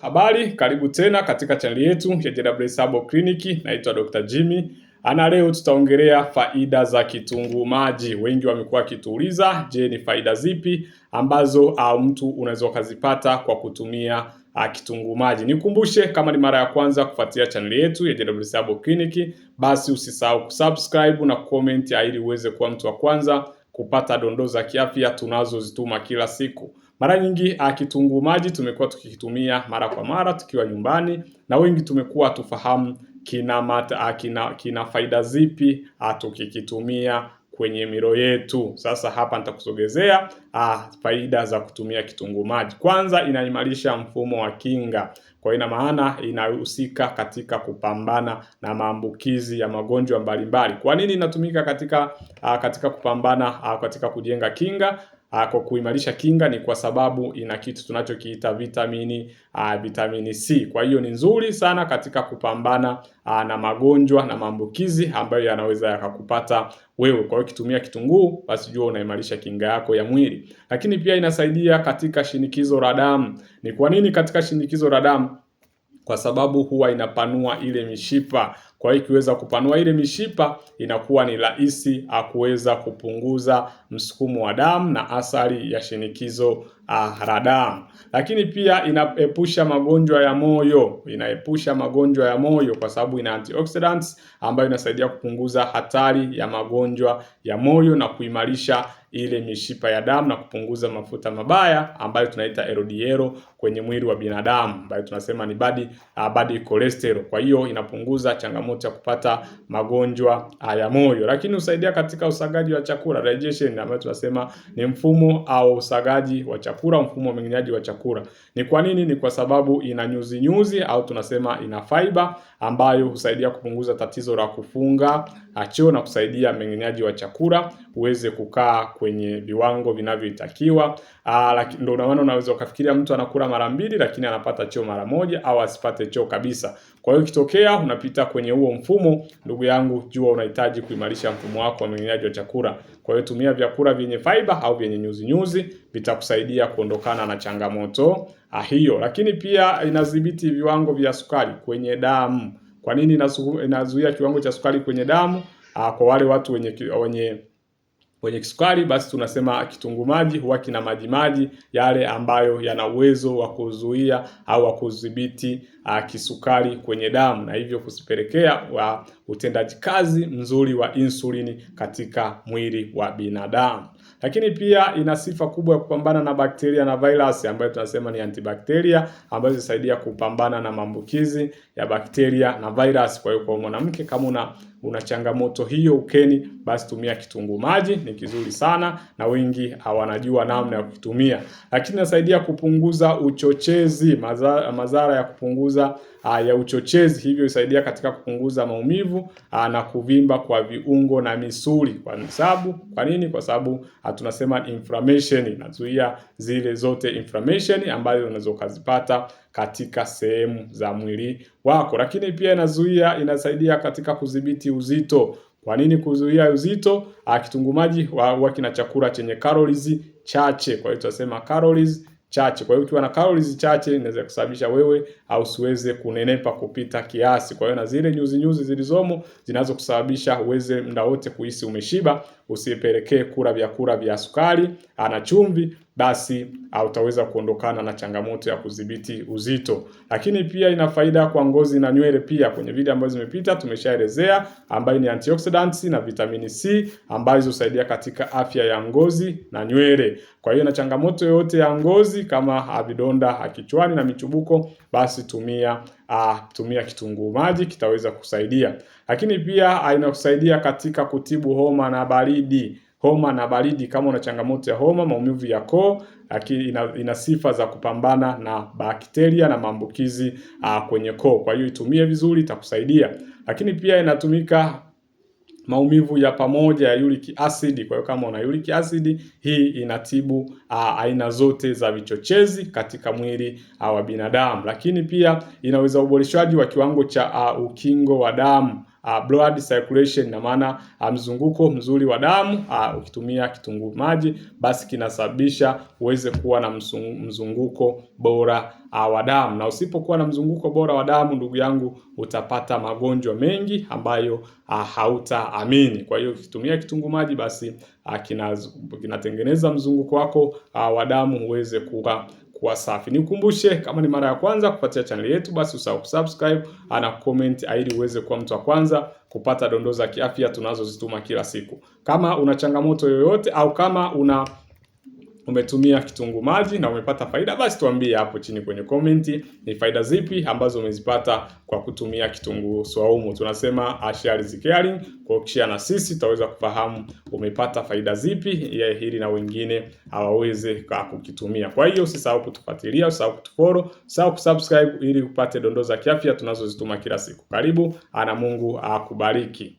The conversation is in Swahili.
Habari, karibu tena katika chaneli yetu ya JW Sabo Clinic. Naitwa Dr. Jimmy ana. Leo tutaongelea faida za kitunguu maji. Wengi wamekuwa wakituuliza, je, ni faida zipi ambazo mtu unaweza ukazipata kwa kutumia kitunguu maji. Nikumbushe, kama ni mara ya kwanza kufuatilia chaneli yetu ya JW Sabo Clinic, basi usisahau kusubscribe na comment ili uweze kuwa mtu wa kwanza kupata dondoo za kiafya tunazozituma kila siku. Mara nyingi uh, kitunguu maji tumekuwa tukikitumia mara kwa mara tukiwa nyumbani, na wengi tumekuwa tufahamu kina, mata, a, ah, kina, kina faida zipi uh, tukikitumia kwenye miro yetu. Sasa hapa nitakusogezea faida za kutumia kitunguu maji. Kwanza, inaimarisha mfumo wa kinga, kwa ina maana inahusika katika kupambana na maambukizi ya magonjwa mbalimbali. Kwa nini inatumika katika a, katika kupambana a, katika kujenga kinga? Ah, kwa kuimarisha kinga ni kwa sababu ina kitu tunachokiita vitamini a, ah, vitamini C. Kwa hiyo ni nzuri sana katika kupambana a, ah, na magonjwa na maambukizi ambayo yanaweza yakakupata wewe. Kwa hiyo kitumia kitunguu, basi jua unaimarisha kinga yako ya mwili, lakini pia inasaidia katika shinikizo la damu. Ni kwa nini katika shinikizo la damu? Kwa sababu huwa inapanua ile mishipa kwa hiyo ikiweza kupanua ile mishipa, inakuwa ni rahisi akuweza ah, kupunguza msukumo wa damu na athari ya shinikizo ah, la damu. Lakini pia inaepusha magonjwa ya moyo, inaepusha magonjwa ya moyo kwa sababu ina antioxidants ambayo inasaidia kupunguza hatari ya magonjwa ya moyo na kuimarisha ile mishipa ya damu na kupunguza mafuta mabaya ambayo tunaita LDL kwenye mwili wa binadamu ambayo tunasema ni bad ah, cholesterol. Kwa hiyo inapunguza changamoto changamoto ya kupata magonjwa ya moyo, lakini husaidia katika usagaji wa chakula digestion, ambayo tunasema ni mfumo au usagaji wa chakula, mfumo wa mmeng'enyaji wa chakula. Ni kwa nini? Ni kwa sababu ina nyuzi nyuzi au tunasema ina fiber ambayo husaidia kupunguza tatizo la kufunga choo na kusaidia mmeng'enyaji wa chakula uweze kukaa kwenye viwango vinavyotakiwa. Ah, ndio maana unaweza ukafikiria mtu anakula mara mbili lakini anapata choo mara moja au asipate choo kabisa. Kwa hiyo ikitokea unapita kwenye huo mfumo, ndugu yangu, jua unahitaji kuimarisha mfumo wako wa mmeng'enyaji wa chakula. Kwa hiyo tumia vyakula vyenye fiber au vyenye nyuzi nyuzi vitakusaidia kuondokana na changamoto ah, hiyo. Lakini pia inadhibiti viwango vya sukari kwenye damu. Kwa nini inazuia kiwango cha sukari kwenye damu? Uh, kwa wale watu wenye wenye wenye kisukari basi tunasema kitunguu maji huwa kina maji maji yale ambayo yana uwezo wa kuzuia au wa kudhibiti uh, kisukari kwenye damu na hivyo kusipelekea wa utendaji kazi mzuri wa insulini katika mwili wa binadamu. Lakini pia ina sifa kubwa ya kupambana na bakteria na virusi ambayo tunasema ni antibakteria ambayo zinasaidia kupambana na maambukizi ya bakteria na virusi. Kwa hiyo kwa mwanamke kama una una changamoto hiyo ukeni, basi tumia kitunguu maji, ni kizuri sana na wengi hawanajua namna ya kutumia lakini inasaidia kupunguza uchochezi, madhara, madhara ya kupunguza ah, ya uchochezi, hivyo isaidia katika kupunguza maumivu ah, na kuvimba kwa viungo na misuli. Kwa sababu kwa nini? Kwa sababu ah, tunasema inflammation inazuia zile zote inflammation ambazo unaweza ukazipata katika sehemu za mwili wako, lakini pia inazuia, inasaidia katika kudhibiti kudhibiti uzito. Kwa nini kuzuia uzito? Ah, kitunguu maji huwa kina chakula chenye calories chache. Kwa hiyo tunasema calories chache. Kwa hiyo ukiwa na calories chache inaweza kusababisha wewe au siweze kunenepa kupita kiasi. Kwa hiyo na zile nyuzi nyuzi zilizomo zinazo kusababisha uweze muda wote kuhisi umeshiba, usipelekee kula vyakula vya sukari na chumvi, basi utaweza kuondokana na changamoto ya kudhibiti uzito. Lakini pia ina faida kwa ngozi na nywele pia. Kwenye video ambazo zimepita tumeshaelezea ambayo ni antioxidants na vitamini C ambazo husaidia katika afya ya ngozi na nywele. Kwa hiyo na changamoto yoyote ya ngozi kama vidonda kichwani na michubuko basi basi tumia uh, tumia kitunguu maji kitaweza kusaidia. Lakini pia uh, inakusaidia katika kutibu homa na baridi homa na baridi. Kama una changamoto ya homa, maumivu ya koo, lakini ina, ina sifa za kupambana na bakteria na maambukizi uh, kwenye koo. Kwa hiyo itumie vizuri, itakusaidia. Lakini pia inatumika maumivu ya pamoja ya uric acid. Kwa hiyo kama una uric acid, hii inatibu uh, aina zote za vichochezi katika mwili wa binadamu, lakini pia inaweza uboreshaji wa kiwango cha uh, ukingo wa damu uh, blood circulation, na maana uh, mzunguko mzuri wa damu uh, ukitumia kitunguu maji basi kinasababisha uweze kuwa na mzunguko bora uh, wa damu, na usipokuwa na mzunguko bora wa damu, ndugu yangu, utapata magonjwa mengi ambayo uh, hautaamini. Kwa hiyo ukitumia kitunguu maji basi uh, kinatengeneza mzunguko wako uh, wa damu uweze kuwa kuwa safi. Nikukumbushe, kama ni mara ya kwanza kupatia chaneli yetu, basi usahau kusubscribe ana comment ili uweze kuwa mtu wa kwanza kupata dondoo za kiafya tunazozituma kila siku. Kama una changamoto yoyote au kama una umetumia kitunguu maji na umepata faida, basi tuambie hapo chini kwenye komenti ni faida zipi ambazo umezipata kwa kutumia kitunguu swaumu. Tunasema share is caring, kwa kushare na sisi tutaweza kufahamu umepata faida zipi ya hili na wengine hawaweze kukitumia. Kwa hiyo usisahau kutufuatilia, usisahau kutufollow, usisahau kusubscribe ili upate dondoo za kiafya tunazozituma kila siku. Karibu ana Mungu akubariki.